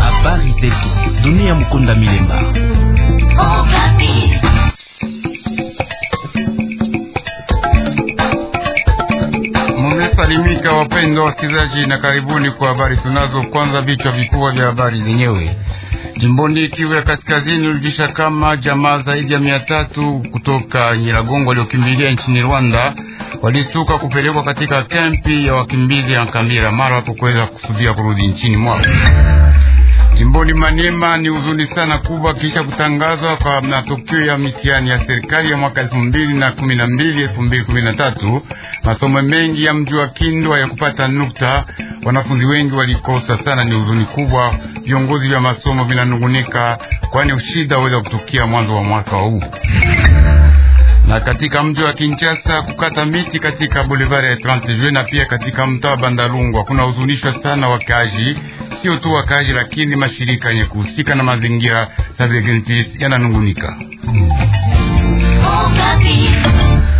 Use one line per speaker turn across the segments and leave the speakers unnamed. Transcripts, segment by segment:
Habari zetu dunia, Mukunda Milemba.
Mumesalimika wapendwa wasikilizaji, na karibuni kwa habari tunazo. Kwanza vichwa vikubwa vya habari zenyewe. Jimboni Kivu ya Kaskazini ulijisha kama jamaa zaidi ya mia tatu kutoka Nyiragongo waliokimbilia nchini Rwanda walisuka kupelekwa katika kempi ya wakimbizi ya Kambira mara kuweza kusudia kurudi nchini mwao. Jimboni Maniema ni huzuni sana kubwa kisha kutangazwa kwa matokeo ya mitihani ya serikali ya mwaka elfu mbili na kumi na mbili elfu kumi masomo mengi ya mji wa Kindwa ya kupata nukta Wanafunzi wengi walikosa sana, ni huzuni kubwa. Viongozi vya masomo vinanungunika, kwani ushida waweza kutukia mwanzo wa mwaka huu. Na katika mji wa Kinshasa kukata miti katika boulevard ya 30 Juin na pia katika mtaa wa Bandalungwa kuna huzunishwa sana kaji sio tu kaji lakini mashirika yenye kuhusika na mazingira Greenpeace yananungunika. Oh,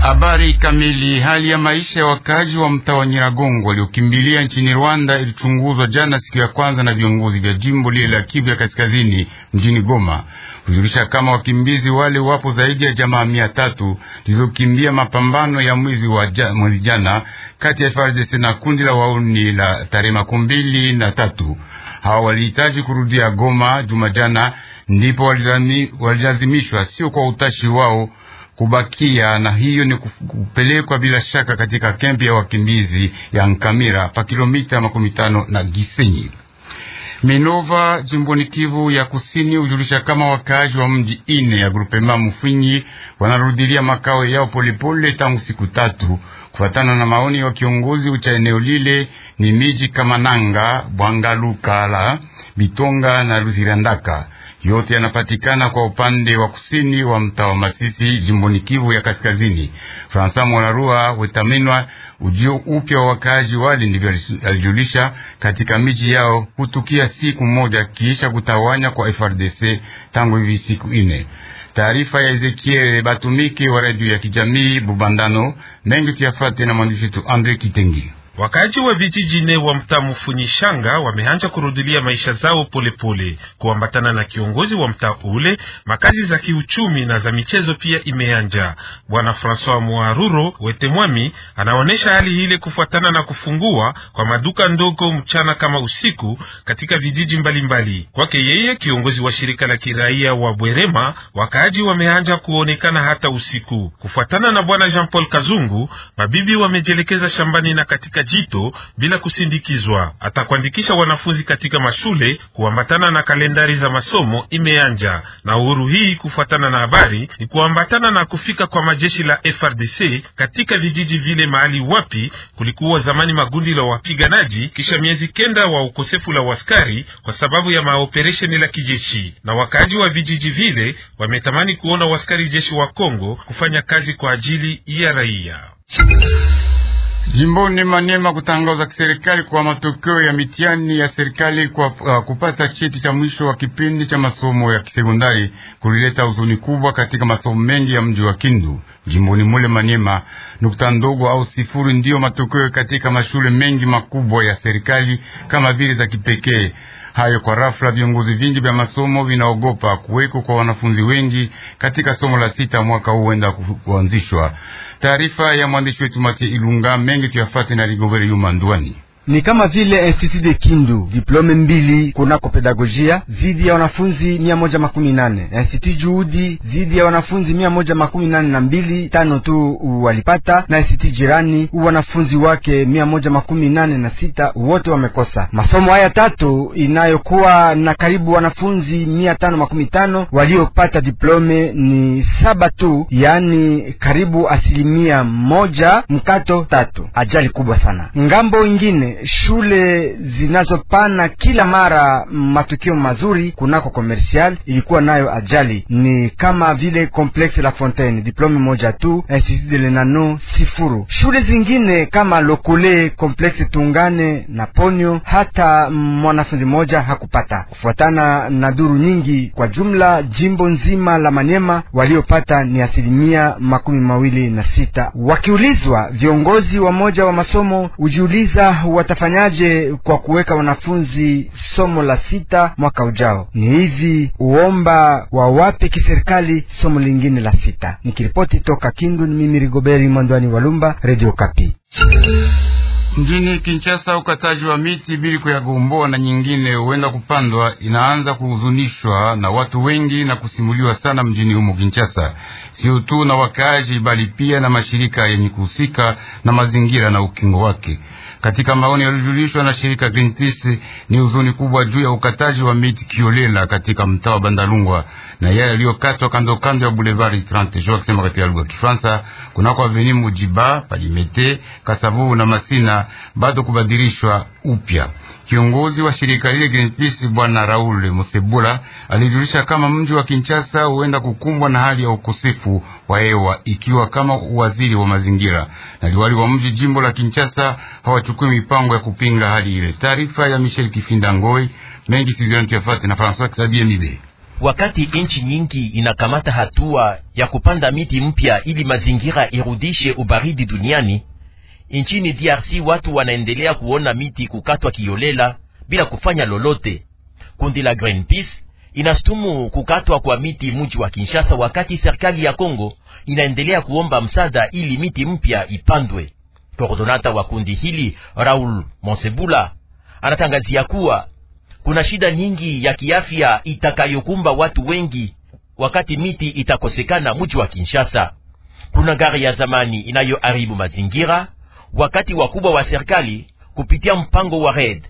Habari kamili. Hali ya maisha ya wakaji wa mtaa wa Nyiragongo waliokimbilia nchini Rwanda ilichunguzwa jana siku ya kwanza na viongozi vya jimbo lile la Kivu ya Kaskazini mjini Goma, kujulisha kama wakimbizi wale wapo zaidi ya jamaa mia tatu zilizokimbia mapambano ya mwezi wa ja, mwezi jana kati ya FARDC na kundi la wauni la tarehe makumi mbili na tatu. Hawa walihitaji kurudia Goma juma jana, ndipo walilazimishwa, sio kwa utashi wao kubakia na hiyo ni kupelekwa bila shaka katika kempi ya wakimbizi ya Nkamira pa kilomita makumi tano na Gisenyi. Minova jimboni Kivu ya kusini hujulisha kama wakaaji wa mji ine ya grupema mufinyi wanarudilia makao yao polepole tangu siku tatu, kufatana na maoni wa kiongozi ucha eneo lile. Ni miji kama Nanga, Bwangalukala, Bitonga na Luzirandaka. Yote yanapatikana kwa upande wa kusini wa mtaa wa Masisi, jimboni Kivu ya Kaskazini. Fransa Mwararua Wetaminwa, ujio upya wa wakaaji wali, ndivyo alijulisha katika miji yao, hutukia siku moja kiisha kutawanya kwa FRDC tangu hivi siku ine. Taarifa ya Ezekiel Batumiki wa redio ya kijamii
Bubandano. Mengi tuyafate na mwandishi wetu Andre Kitengi. Wakaaji wa vijijini wa mtaa Mfunyishanga wameanza kurudilia maisha zao polepole kuambatana na kiongozi wa mtaa ule. Makazi za kiuchumi na za michezo pia imeanja. Bwana Francois Mwaruro Mwami anaonyesha hali ile kufuatana na kufungua kwa maduka ndogo mchana kama usiku katika vijiji mbalimbali. Kwake yeye, kiongozi wa shirika la kiraia wa Bwerema, wakaaji wameanja kuonekana hata usiku. Kufuatana na Bwana Jean Paul Kazungu, mabibi wamejielekeza shambani na katika Jito bila kusindikizwa. Atakuandikisha wanafunzi katika mashule kuambatana na kalendari za masomo imeanja, na uhuru hii kufuatana na habari ni kuambatana na kufika kwa majeshi la FRDC katika vijiji vile mahali wapi kulikuwa zamani magundi la wapiganaji, kisha miezi kenda wa ukosefu la waskari kwa sababu ya maoperesheni la kijeshi, na wakaaji wa vijiji vile wametamani kuona waskari jeshi wa Kongo kufanya kazi kwa ajili ya raia.
Jimboni Maniema kutangaza kiserikali kwa matokeo ya mitihani ya serikali kwa uh, kupata cheti cha mwisho wa kipindi cha masomo ya kisekondari kulileta huzuni kubwa katika masomo mengi ya mji wa Kindu. Jimboni mule Maniema, nukta ndogo au sifuri ndiyo matokeo katika mashule mengi makubwa ya serikali kama vile za kipekee hayo kwa rafla. Viongozi vingi vya masomo vinaogopa kuweko kwa wanafunzi wengi katika somo la sita mwaka huu huenda kuanzishwa Taarifa ya mwandishi wetu Matie Ilunga mengi tuyafate na Ligovere Yumandwani
ni kama vile Institut de Kindu diplome mbili kunako pedagojia zidi ya wanafunzi mia moja makumi nane Institut Juhudi zidi ya wanafunzi mia moja makumi nane na mbili tano tu walipata, na Institut Jirani u wanafunzi wake mia moja makumi nane na sita wote wamekosa masomo haya tatu, inayokuwa na karibu wanafunzi mia tano makumi tano waliopata diplome ni saba tu, yaani karibu asilimia moja mkato tatu. Ajali kubwa sana. Ngambo ingine shule zinazopana kila mara matukio mazuri kunako commercial ilikuwa nayo ajali, ni kama vile complexe La Fontaine, diplome moja tu, institut de lenano sifuru. Shule zingine kama Lokole, complexe Tungane na Ponyo, hata mwanafunzi moja hakupata, kufuatana na duru nyingi. Kwa jumla jimbo nzima la Manyema waliopata ni asilimia makumi mawili na sita. Wakiulizwa viongozi wa moja wa masomo hujiuliza wat watafanyaje kwa kuweka wanafunzi somo la sita mwaka ujao? Ni hivi uomba wawape kiserikali somo lingine la sita. Nikiripoti toka Kindu, ni mimi Rigoberi Mwandwani Walumba, Radio Kapi.
Mjini Kinshasa, ukataji wa miti bili kuyagomboa na nyingine huenda kupandwa inaanza kuhuzunishwa na watu wengi na kusimuliwa sana mjini humo Kinshasa sio tu na wakaaji, bali pia na mashirika yenye kuhusika na mazingira na ukingo wake. Katika maoni yaliyojulishwa na shirika Greenpeace, ni huzuni kubwa juu ya ukataji wa miti kiolela katika mtaa wa Bandalungwa na yale yaliyokatwa kando kando ya Boulevard 30 Juin, akisema katika lugha ya Kifaransa, kunako aveni Mujiba, Palimete, Kasavu na Masina bado kubadilishwa upya. Kiongozi wa shirika lile Greenpeace bwana Raul Musebula alijulisha kama mji wa Kinshasa huenda kukumbwa na hali ya ukosefu wa hewa ikiwa kama waziri wa mazingira na liwali wa mji jimbo la Kinshasa hawachukui mipango ya kupinga hali ile. Taarifa ya Michel Kifinda Ngoi mengi Sylvain na François Xavier Mibe.
Wakati nchi nyingi inakamata hatua ya kupanda miti mpya ili mazingira irudishe ubaridi duniani Nchini DRC watu wanaendelea kuona miti kukatwa kiolela bila kufanya lolote. Kundi la Greenpeace inastumu kukatwa kwa miti mji wa Kinshasa, wakati serikali ya Kongo inaendelea kuomba msaada ili miti mpya ipandwe. Koordonata wa kundi hili Raul Monsebula anatangazia kuwa kuna shida nyingi ya kiafya itakayokumba watu wengi wakati miti itakosekana mji wa Kinshasa. Kuna gari ya zamani inayoharibu mazingira wakati wakubwa wa serikali kupitia mpango wa red.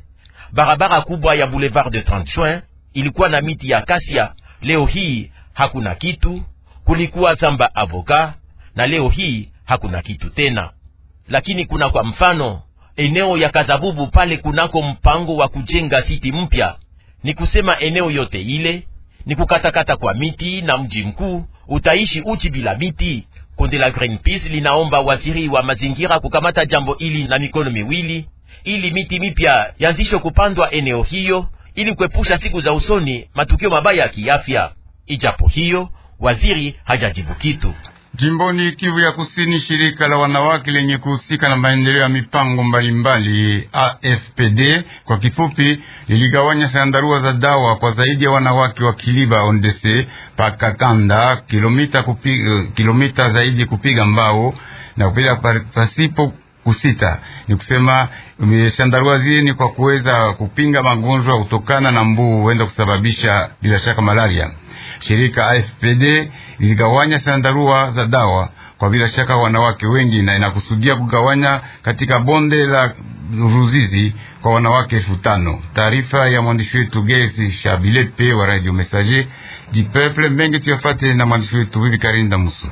Barabara kubwa ya Boulevard de 30 Juin ilikuwa na miti ya kasia, leo hii hakuna kitu. Kulikuwa zamba avoka na leo hii hakuna kitu tena, lakini kuna kwa mfano eneo ya Kazabubu pale kunako mpango wa kujenga siti mpya. Ni kusema eneo yote ile ni kukatakata kwa miti na mji mkuu utaishi uchi bila miti. Kundi la Greenpeace linaomba waziri wa mazingira kukamata jambo hili na mikono miwili, ili miti mipya yanzisho kupandwa eneo hiyo, ili kuepusha siku za usoni matukio mabaya ya kiafya. Ijapo hiyo waziri hajajibu kitu. Jimboni Kivu ya Kusini, shirika
la wanawake lenye kuhusika na maendeleo ya mipango mbalimbali AFPD kwa kifupi, liligawanya sandarua za dawa kwa zaidi ya wanawake wa Kiliba Ondese Pakatanda, kilomita kupiga, kilomita zaidi kupiga mbao na kupiga pasipo kusita. Ni kusema sandarua zile ni kwa kuweza kupinga magonjwa kutokana na mbuu huenda kusababisha bila shaka malaria. Shirika AFPD iligawanya chandarua za dawa kwa bila shaka wanawake wengi, na inakusudia kugawanya katika bonde la Ruzizi kwa wanawake elfu tano. Taarifa ya mwandishi wetu Gesi Shabilepe wa Radio Messager du Peuple mengi tuyafate na mwandishi wetu Bibi Karinda Musu.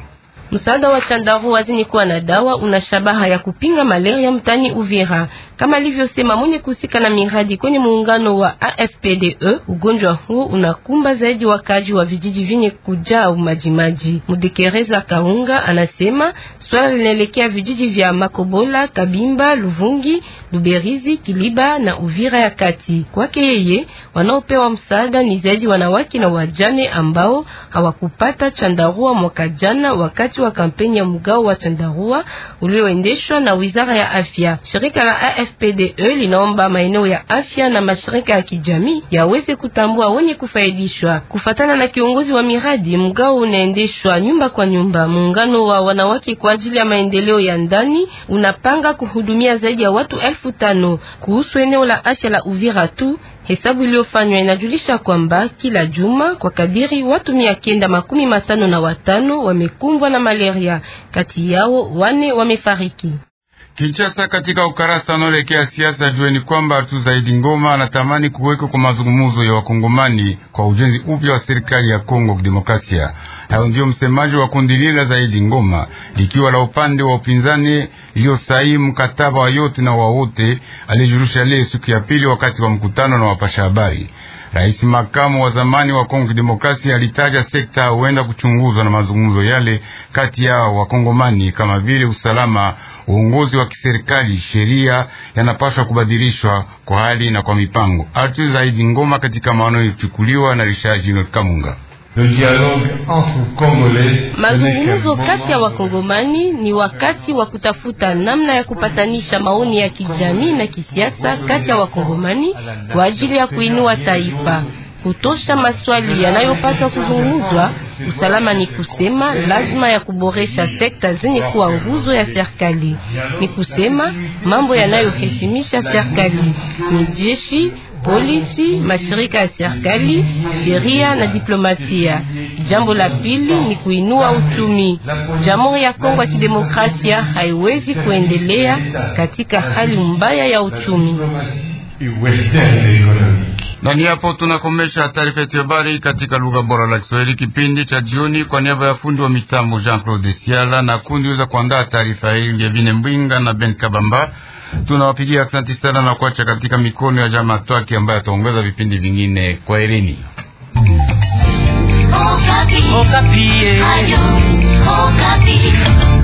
Msaada wa chandarua wazini kuwa na dawa una shabaha ya kupinga malaria mtani Uvira, kama alivyosema mwenye kuhusika na miradi kwenye muungano wa AFPDE. Ugonjwa huu unakumba zaidi wakaji wa vijiji vyenye kujaa umajimaji Mudekereza Kaunga anasema swala linaelekea vijiji vya Makobola, Kabimba, Luvungi, Luberizi, Kiliba na Uvira ya kati. Kwake yeye, wanaopewa msaada ni zaidi wanawake na wajane ambao hawakupata chandarua mwaka jana wakati wakati wa kampeni ya mgao wa tandarua ulioendeshwa na wizara ya afya. Shirika la AFPDE linaomba maeneo ya afya na mashirika ya kijamii yaweze kutambua wenye kufaidishwa. Kufatana na kiongozi wa miradi, mgao unaendeshwa nyumba kwa nyumba. Muungano wa wanawake kwa ajili ya maendeleo ya ndani unapanga kuhudumia zaidi ya watu elfu tano kuhusu eneo la afya la Uvira tu Hesabu iliyofanywa inajulisha kwamba kila juma kwa kadiri watu mia kenda makumi matano na watano wamekumbwa na malaria, kati yao wane wamefariki.
Kinshasa, katika ukarasa unaoelekea siasa, jueni kwamba Artu Zaidi Ngoma anatamani kuwekwa kwa mazungumuzo ya wakongomani kwa ujenzi upya wa serikali ya Kongo Kidemokrasia. Hayo ndiyo msemaji wa kundi lile zaidi Ngoma, likiwa la upande wa upinzani iliyosaini mkataba wa yote na wawote, alijulisha leo siku ya pili wakati wa mkutano na wapasha habari. Rais makamu wa zamani wa Kongo Demokrasia alitaja sekta huenda kuchunguzwa na mazungumzo yale kati ya wakongomani kama vile usalama, uongozi wa kiserikali, sheria yanapaswa kubadilishwa kwa hali na kwa mipango. artu Zaidi Ngoma katika maono yalichukuliwa na Richard Kamunga.
Mazungumzo kati ya
wakongomani ni wakati wa kutafuta namna ya kupatanisha maoni ya kijamii na kisiasa kati ya wakongomani kwa ajili ya kuinua taifa, kutosha maswali yanayopaswa kuzungumzwa Usalama ni kusema lazima ya kuboresha sekta zenye kuwa nguzo ya serikali, ni kusema mambo yanayoheshimisha serikali ni jeshi polisi, mashirika ya serikali, sheria na diplomasia. Jambo la pili ni kuinua uchumi. Jamhuri ya Kongo ya Kidemokrasia haiwezi kuendelea katika hali mbaya ya uchumi.
Na ni hapo tunakomesha taarifa yetu ya habari katika lugha bora la Kiswahili kipindi cha jioni, kwa niaba ya fundi wa mitambo Jean Claude Siala na kundi weza kuandaa taarifa hii ya Vine Mbwinga na Ben Kabamba. Tunawapigia asante sana na kuacha katika mikono ya Jamaa Twaki ambaye ataongoza vipindi vingine. Kwa eleni
Okapi. Okapi. Eh.